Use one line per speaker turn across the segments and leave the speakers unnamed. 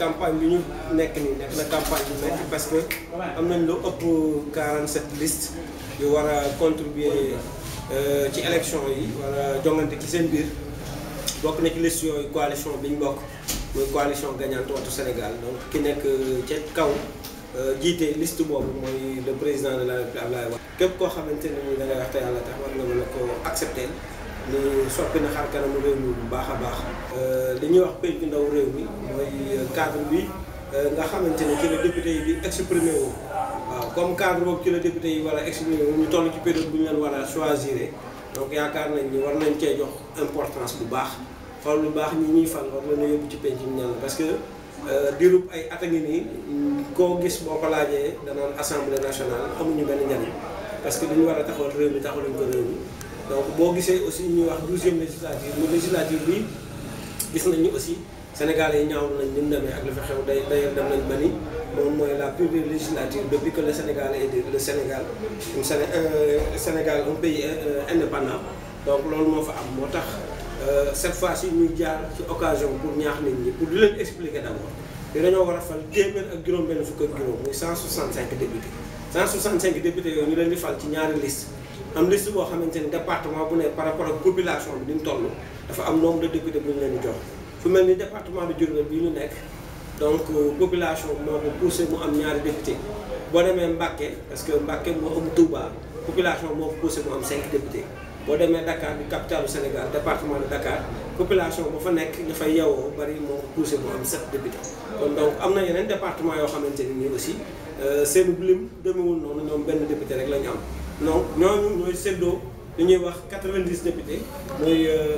campagne bi ñu nekk nii nekk na campagne bu métti parce que am nañ lu ëpp 47 listes yu war a contribuer euh, ci élection yi wala jongante ci seen biir bokk na ci liste yooyu coalition bi ñu bokk muy coalition gagnante Wattu Sénégal donc ki nekk euh, ca kaw euh, jiite liste boobu mooy le président de la République Abdoulaye Wade képp koo xamante ne ni da ngay wax te yàlla tax war nga mën a ko accepter ni soppi na xar kanamu réew mi bu baax a baax. dañuy euh, wax penc ndaw réew mi mooy cadre bi euh, nga xamante ni ci la député yi di exprimer wu. waaw comme cadre boobu ci la député yi war a exprimer wu ñu toll ci période bu war a choisir donc yaakaar nañ ni war nañ cee jox importance bu baax xool lu baax ñi ñuy fan war nañu yóbbu ci penc ñan parce que. Euh, diirub ay at a ngi nii koo gis boo ko laajee danaan assemblée nationale amuñu benn njariñ parce que li ñu war a taxawal réew mi taxaluñ ko réew mi donc boo gisee aussi ñuy wax douzième législature mu législature bi gis nañ ni aussi sénégalais yi ñaaw nañ ni mu demee ak li xew day day dem nañ ba ni moom mooy la première législature depuis que le Sénégal est le Sénégal un euh, Sénégal un pays euh, indépendant donc loolu moo fa am moo tax euh, cette fois ci ñuy jaar ci occasion pour ñaax nit ñi pour du leen expliquer d'abord te dañoo war a fal téeméer ak juróom-benn fukk ak juróom muy 165 députés 165 députés yooyu ñu leen di fal ci ñaari liste am liste boo xamante ni département bu ne par rapport ak population bi ni mu toll dafa am nombre de députés bu ñu leen di jox fu mel ni département de Diourbel bii ñu nekk donc euh, population moo ko poussé mu am ñaari député boo demee Mbacké parce que Mbacké moo am Touba population moo ko poussé mu am 5 députés boo demee Dakar bi capitalu Sénégal département de Dakar population bu fa nekk ñu fay yeewoo bari moo ko poussé bu am sept am na yeneen département yoo xamante ni nii aussi euh, seen lim demewul noonu ñoom benn député rek la am non ñooñu ñooy séddoo li ñuy wax quatre-vingt-dix députés mooy euh,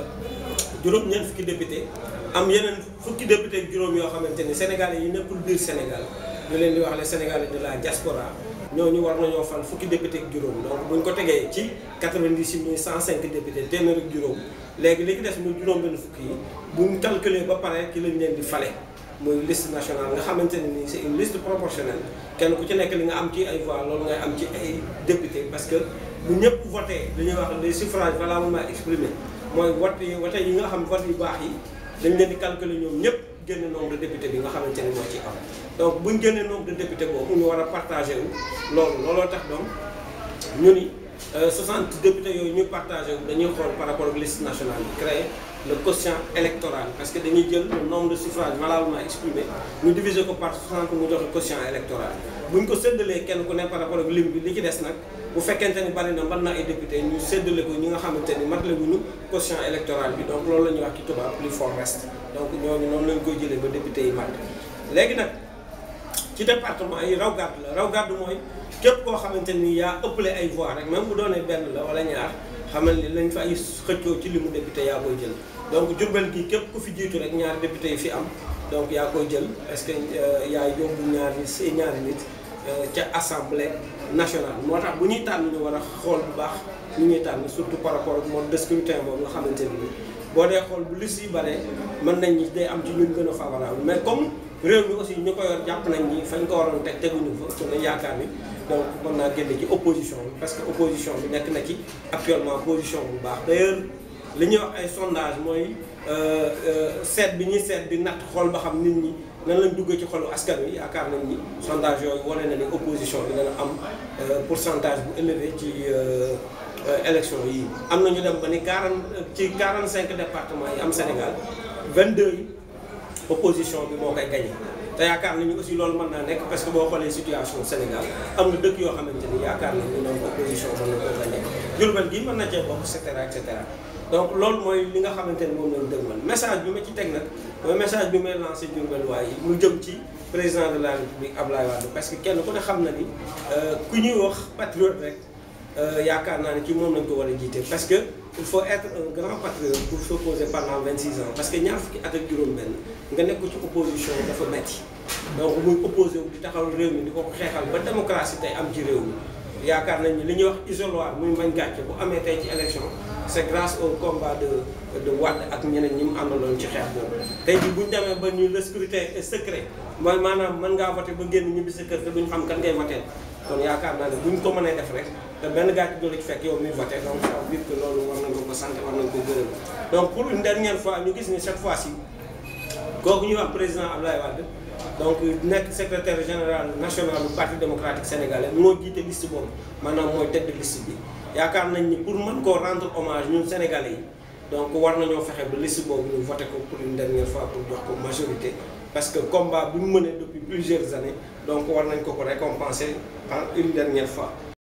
juróom-ñeent fukki député am yeneen fukki député juróom yoo xamante ni sénégalais yi nekkul biir Sénégal ñu leen di wax les sénégalais de la diaspora ñoo ñu war nañoo fan fukki député ak juróom donc buñ ko tegee ci 98 cent 105 député téeméer ak juróom léegi li ci des muy juróom benn fukki yi buñ calculer ba pare ki lañ leen di fale muy liste national nga xamante ne nii c'est une liste proportionnelle kenn ku ci nekk li nga am ci ay voix loolu ngay am ci ay député parce que bu ñëpp voté li ñuy wax les suffrages valablement exprimés mooy vote yi yi nga xam vote yu baax yi dañ leen di calculer ñoom ñëpp génn nombre de bi nga xamante ne moo ci am donc bu ñu jëlee nombre de député boobu ñu war a partager wu loolu looloo tax donc ñu ni 60 euh, députés yooyu ñu partagé wu dañuy xool par rapport ak liste nationale bi créé le quotient électoral parce que dañuy jël le nombre de suffrages valablement exprimés ñu diviser ko part par 60 mu joxe quotient électoral bu ñu ko séddalee kenn ku ne par rapport ak lim bi li ci des nag bu fekkente ni bari na mën na ay député ñu séddale ko ñi nga xamante ni matale wuñu quotient électoral bi donc loolu la ñuy wax ci tubaab plus fort reste donc lañ koy jëlee ba député yi mat léegi nag. ci département yi raw gàddu la raw gàddu mooy képp koo xamante ni yaa ëppale ay voix rek même bu doonee benn la wala ñaar xamal ni lañ fa ay xëccoo ci limu député yaa koy jël. donc Diourbel gi képp ku fi jiitu rek ñaari député yi fi am donc yaa koy jël parce que euh, yaa yóbbu ñaari si ñaari nit euh, ca assemblée nationale. moo tax bu ñuy tànn ñu war a xool bu baax ñu ñuy tànn surtout par rapport ak mode de scrutin nga xamante ni boo dee xool bu liste yi bare mën nañ day am ci ñun gën a favorable mais comme. réew mi aussi ñu ko yor jàpp nañ ni fañ ko waroon teg teguñu fa su yaakaar ni donc mën naa génne ci opposition parce que opposition bi nekk na ci actuellement position bu baax d'ailleurs li ñuy wax ay sondage mooy euh, euh, seet bi ñuy seet bi natt xool ba xam nit ñi nan lañ duggee ci xolu askan wi yaakaar nañ ni sondage yooyu wane na ni opposition bi dana am euh, pourcentage bu élevé ci élection yi am na ñu dem ba ni quarante ci quarante cinq départements yi am Sénégal vingt deux yi opposition bi moo koy gagné te yaakaar nañu aussi lool mën naa nekk parce que boo xoolee situation Sénégal am na dëkk yoo xamante ni yaakaar nañu ñoom opposition mën na koo gagné Diourbel na cee bokk et loolu mooy li nga xamante ni moom lañ dëgmal message bi ma ci teg nag mooy message bi may lancé Diourbel waay mu jëm ci président de la République Abdoulaye Wade parce que kenn ku ne xam na ni euh, ku ñuy wax patriote rek Euh, yaakaar naa ne ci moom nañ ko war a jiitee parce que il faut être un grand patriote pour s'opposer pendant 26 ans parce que ñaar fukki at ak juróom-benn nga nekk ci opposition dafa metti donc muy opposé wu di taxaw réew mi di ko xeexal ba démocratie tey am ci réew mi yaakaar nañ ni li ñuy wax isoloir muy mbañ gàcce bu amee tey ci élection c'est grâce au combat de de ak ñeneen ñi mu am àndaloon ci xeex boobu tey jii bu ñu demee ba ñu le scrutin secret maanaam mën ngaa voté ba génn ñibbi sa kër te duñ xam kan kon yaakaar naa ne bu ko mën mënee def rek te benn gàcce du la ci fekk yow mi voté donc ça veut dire que loolu war nañ ko ko war nañ ko gërëm donc pour une dernière fois ñu gis ni cette fois ci kooku ñuy président Abdoulaye Wade donc nekk secrétaire général national du parti démocratique sénégalais moo jiite liste boobu maanaam mooy tête de bi yaakaar nañ ni pour mën koo rendre hommage ñun sénégale yi donc war nañoo fexe ba liste boobu ñu voté ko pour une dernière fois pour jox ko majorité. parce que combat bu mu mënee depuis plusieurs années donc war nañ ko ko récompenser par une dernière fois